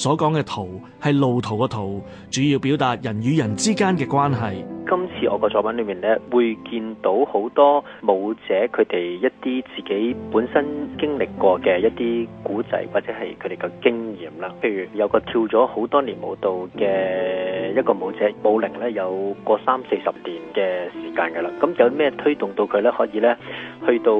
所講嘅途係路途嘅途，主要表達人與人之間嘅關係。今次我個作品裏面咧，會見到好多舞者佢哋一啲自己本身經歷過嘅一啲古仔，或者係佢哋嘅經驗啦。譬如有個跳咗好多年舞蹈嘅一個舞者，舞齡咧有個三四十年嘅時間㗎喇。咁有咩推動到佢咧可以咧去到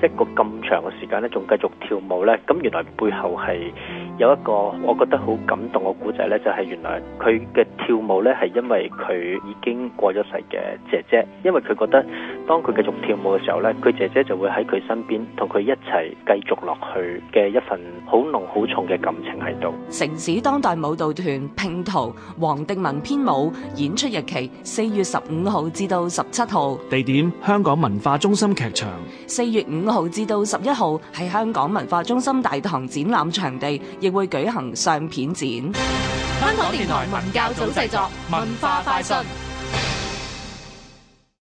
一個咁長嘅時間咧，仲繼續跳舞咧，咁原來背後係有一個我覺得好感動嘅古仔咧，就係、是、原來佢嘅跳舞咧係因為佢已經過咗世嘅姐姐，因為佢覺得。當佢繼續跳舞嘅時候咧，佢姐姐就會喺佢身邊同佢一齊繼續落去嘅一份好濃好重嘅感情喺度。城市當代舞蹈團拼途，黃定文編舞，演出日期四月十五號至到十七號，地點香港文化中心劇場。四月五號至到十一號喺香港文化中心大堂展覽場地，亦會舉行相片展。香港電台文教組製作，文化快訊。